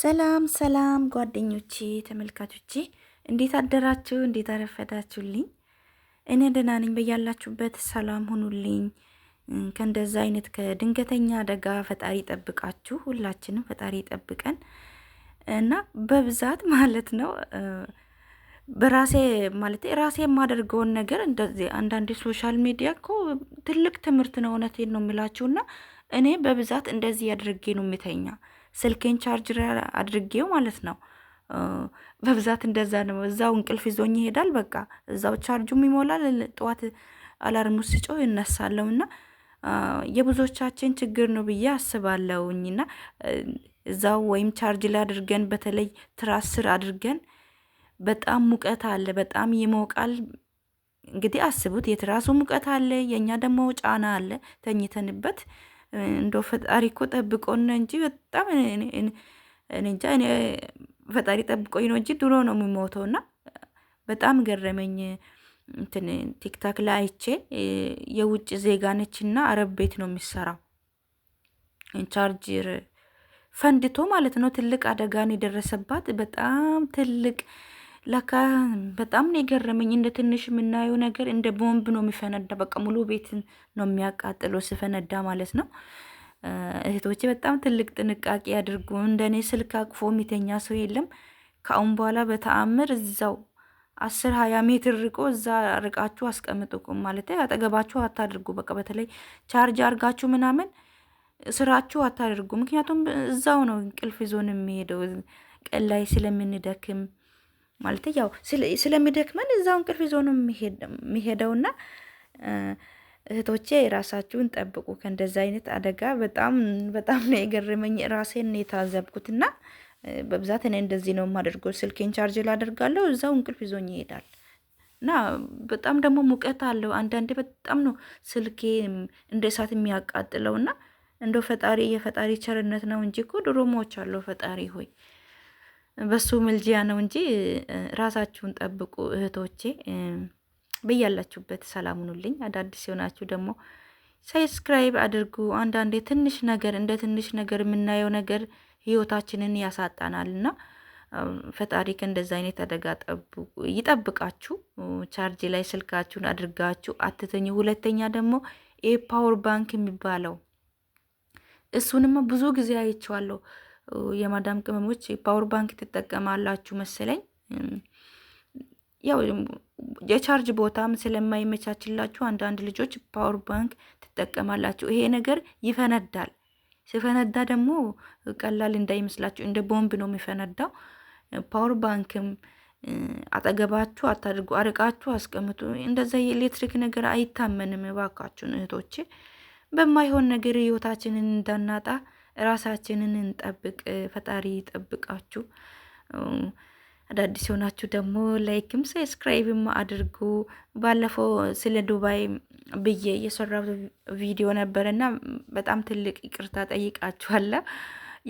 ሰላም ሰላም ጓደኞቼ ተመልካቾቼ፣ እንዴት አደራችሁ? እንዴት አረፈዳችሁልኝ? እኔ ደህና ነኝ። በያላችሁበት ሰላም ሁኑልኝ። ከእንደዛ አይነት ከድንገተኛ አደጋ ፈጣሪ ጠብቃችሁ፣ ሁላችንም ፈጣሪ ጠብቀን እና በብዛት ማለት ነው በራሴ ማለት ራሴ የማደርገውን ነገር እንደዚህ አንዳንዴ ሶሻል ሚዲያ እኮ ትልቅ ትምህርት ነው። እውነቴን ነው የምላችሁና እኔ በብዛት እንደዚህ ያደርጌ ነው የምተኛ ስልኬን ቻርጅ አድርጌው ማለት ነው። በብዛት እንደዛ ነው። እዛው እንቅልፍ ይዞኝ ይሄዳል። በቃ እዛው ቻርጁም ይሞላል። ጠዋት አላርሙ ሲጮህ ይነሳለው እና የብዙዎቻችን ችግር ነው ብዬ አስባለሁኝና እዛው ወይም ቻርጅ ላይ አድርገን በተለይ ትራስ ስር አድርገን በጣም ሙቀት አለ፣ በጣም ይሞቃል። እንግዲህ አስቡት የትራሱ ሙቀት አለ፣ የእኛ ደግሞ ጫና አለ ተኝተንበት እንደ ፈጣሪ እኮ ጠብቆና እንጂ በጣም እንጃ ፈጣሪ ጠብቆኝ ነው እንጂ ድሮ ነው የሚሞተው። እና በጣም ገረመኝ። እንትን ቲክታክ ላይ አይቼ የውጭ ዜጋ ነች እና አረብ ቤት ነው የሚሰራው። ቻርጅር ፈንድቶ ማለት ነው። ትልቅ አደጋ ነው የደረሰባት። በጣም ትልቅ ለካ በጣም ነው የገረመኝ። እንደ ትንሽ የምናየው ነገር እንደ ቦምብ ነው የሚፈነዳ። በቃ ሙሉ ቤትን ነው የሚያቃጥለው ስፈነዳ ማለት ነው። እህቶች በጣም ትልቅ ጥንቃቄ አድርጉ። እንደኔ ስልክ አቅፎ የሚተኛ ሰው የለም። ከአሁን በኋላ በተአምር እዛው አስር ሀያ ሜትር ርቆ እዛ ርቃችሁ አስቀምጡ። ማለት አጠገባችሁ አታድርጉ። በቃ በተለይ ቻርጅ አርጋችሁ ምናምን ስራችሁ አታድርጉ። ምክንያቱም እዛው ነው እንቅልፍ ዞን የሚሄደው ቀን ላይ ስለምንደክም ማለት ያው ስለሚደክመን እዛው እንቅልፍ ይዞ ነው የሚሄደውና እህቶቼ ራሳችሁን ጠብቁ ከእንደዚ አይነት አደጋ። በጣም በጣም ነው የገረመኝ ራሴን የታዘብኩትና በብዛት እኔ እንደዚህ ነው የማደርገው። ስልኬን ቻርጅ ላደርጋለሁ እዛው እንቅልፍ ይዞኝ ይሄዳል እና በጣም ደግሞ ሙቀት አለው። አንዳንዴ በጣም ነው ስልኬ እንደ እሳት የሚያቃጥለው እና እንደው ፈጣሪ የፈጣሪ ቸርነት ነው እንጂ እኮ ድሮሞች አለው ፈጣሪ ሆይ በሱ ምልጅያ ነው እንጂ ራሳችሁን ጠብቁ እህቶቼ። በያላችሁበት ሰላም ሁኑልኝ። አዳዲስ የሆናችሁ ደግሞ ሰብስክራይብ አድርጉ። አንዳንዴ ትንሽ ነገር እንደ ትንሽ ነገር የምናየው ነገር ህይወታችንን ያሳጣናል እና ፈጣሪ ከእንደዚ አይነት አደጋ ይጠብቃችሁ። ቻርጅ ላይ ስልካችሁን አድርጋችሁ አትተኙ። ሁለተኛ ደግሞ ኤፓወር ፓወር ባንክ የሚባለው እሱንማ ብዙ ጊዜ አይቼዋለሁ። የማዳም ቅመሞች ፓወር ባንክ ትጠቀማላችሁ መሰለኝ። ያው የቻርጅ ቦታም ስለማይመቻችላችሁ አንዳንድ ልጆች ፓወር ባንክ ትጠቀማላችሁ። ይሄ ነገር ይፈነዳል። ሲፈነዳ ደግሞ ቀላል እንዳይመስላችሁ እንደ ቦምብ ነው የሚፈነዳው። ፓወር ባንክም አጠገባችሁ አታድርጉ፣ አርቃችሁ አስቀምጡ። እንደዛ የኤሌክትሪክ ነገር አይታመንም። እባካችሁን እህቶቼ፣ በማይሆን ነገር ህይወታችንን እንዳናጣ ራሳችንን እንጠብቅ። ፈጣሪ ይጠብቃችሁ። አዳዲስ የሆናችሁ ደግሞ ላይክም ሰብስክራይብም አድርጉ። ባለፈው ስለ ዱባይ ብዬ እየሰራ ቪዲዮ ነበር እና በጣም ትልቅ ይቅርታ ጠይቃችኋለሁ።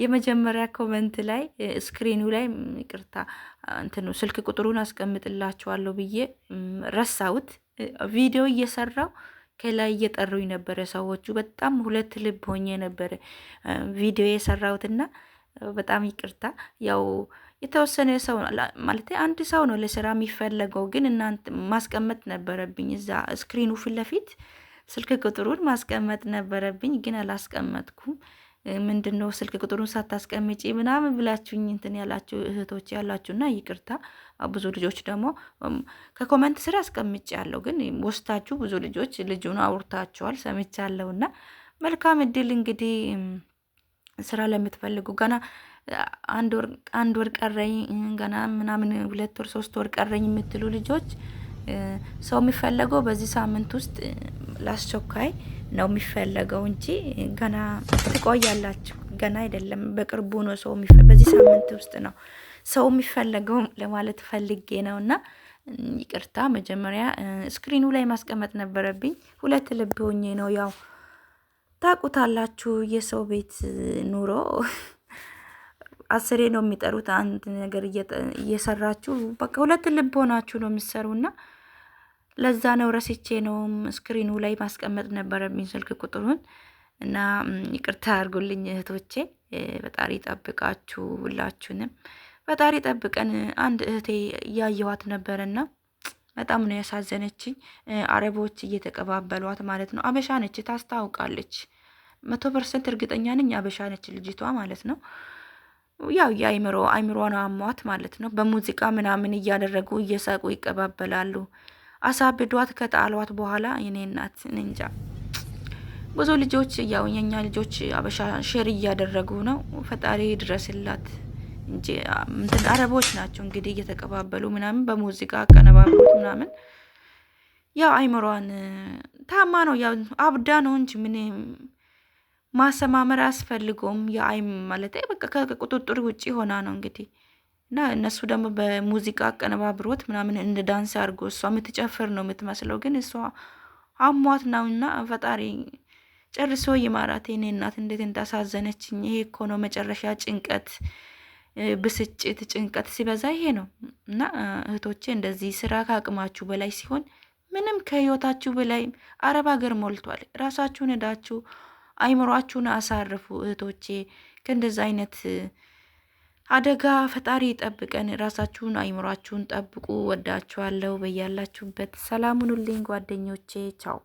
የመጀመሪያ ኮመንት ላይ ስክሪኑ ላይ ይቅርታ እንትኑ ስልክ ቁጥሩን አስቀምጥላችኋለሁ ብዬ ረሳሁት ቪዲዮ እየሰራው ከላይ እየጠሩኝ ነበረ ሰዎቹ። በጣም ሁለት ልብ ሆኜ ነበረ ቪዲዮ የሰራሁትና በጣም ይቅርታ። ያው የተወሰነ ሰው ማለት አንድ ሰው ነው ለስራ የሚፈለገው፣ ግን እናንተ ማስቀመጥ ነበረብኝ እዛ ስክሪኑ ፊት ለፊት ስልክ ቁጥሩን ማስቀመጥ ነበረብኝ፣ ግን አላስቀመጥኩም። ምንድን ነው ስልክ ቁጥሩን ሳታስቀምጪ ምናምን ብላችሁኝ እንትን ያላችሁ እህቶች እና ይቅርታ። ብዙ ልጆች ደግሞ ከኮመንት ስር አስቀምጭ ያለው ግን ወስታችሁ ብዙ ልጆች ልጁን አውርታችኋል እና መልካም እድል እንግዲህ ስራ ለምትፈልጉ ገና አንድ ወር ቀረኝ ገና ምናምን ሁለት ወር ሶስት ወር ቀረኝ የምትሉ ልጆች ሰው የሚፈለገው በዚህ ሳምንት ውስጥ ላስቸኳይ ነው የሚፈለገው እንጂ ገና ትቆያላችሁ። ገና አይደለም፣ በቅርቡ ነው ሰው በዚህ ሳምንት ውስጥ ነው ሰው የሚፈለገው ለማለት ፈልጌ ነው። እና ይቅርታ መጀመሪያ ስክሪኑ ላይ ማስቀመጥ ነበረብኝ። ሁለት ልብ ሆኜ ነው ያው ታቁታላችሁ፣ የሰው ቤት ኑሮ አስሬ ነው የሚጠሩት። አንድ ነገር እየሰራችሁ በቃ ሁለት ልብ ሆናችሁ ነው የምትሰሩና ለዛ ነው ረስቼ ነው ስክሪኑ ላይ ማስቀመጥ ነበረብኝ ስልክ ቁጥሩን እና ይቅርታ አድርጉልኝ እህቶቼ። ፈጣሪ ጠብቃችሁ ሁላችሁንም ፈጣሪ ጠብቀን። አንድ እህቴ እያየኋት ነበረና በጣም ነው ያሳዘነችኝ። አረቦች እየተቀባበሏት ማለት ነው። አበሻ ነች፣ ታስታውቃለች። መቶ ፐርሰንት እርግጠኛ ነኝ አበሻ ነች ልጅቷ ማለት ነው። ያው የአይምሮ አይምሮን አሟት ማለት ነው። በሙዚቃ ምናምን እያደረጉ እየሳቁ ይቀባበላሉ። አሳብዷት ከጣሏት በኋላ እኔ እናት እንጃ ብዙ ልጆች ያው የኛ ልጆች አበሻ ሼር እያደረጉ ነው። ፈጣሪ ድረስላት እንጂ እንትን አረቦች ናቸው እንግዲህ እየተቀባበሉ ምናምን በሙዚቃ አቀነባብሩት ምናምን ያው አይምሯን ታማ ነው ያው አብዳ ነው እንጂ ምን ማሰማመር አያስፈልገውም። የአይም ማለት በቃ ከቁጥጥር ውጭ ሆና ነው እንግዲህ እና እነሱ ደግሞ በሙዚቃ አቀነባብሮት ምናምን እንደ ዳንስ አድርጎ እሷ የምትጨፍር ነው የምትመስለው፣ ግን እሷ አሟት ነው። እና ፈጣሪ ጨርሶ ይማራት። የኔ እናት እንዴት እንዳሳዘነችኝ። ይሄ እኮ ነው መጨረሻ ጭንቀት፣ ብስጭት፣ ጭንቀት ሲበዛ ይሄ ነው። እና እህቶቼ እንደዚህ ስራ ከአቅማችሁ በላይ ሲሆን ምንም ከህይወታችሁ በላይ አረብ ሀገር ሞልቷል። ራሳችሁን ሄዳችሁ አይምሯችሁን አሳርፉ እህቶቼ ከእንደዚ አይነት አደጋ ፈጣሪ ጠብቀን። ራሳችሁን አይምሯችሁን ጠብቁ። ወዳችኋለሁ። በያላችሁበት ሰላሙን ሁኑልኝ ጓደኞቼ። ቻው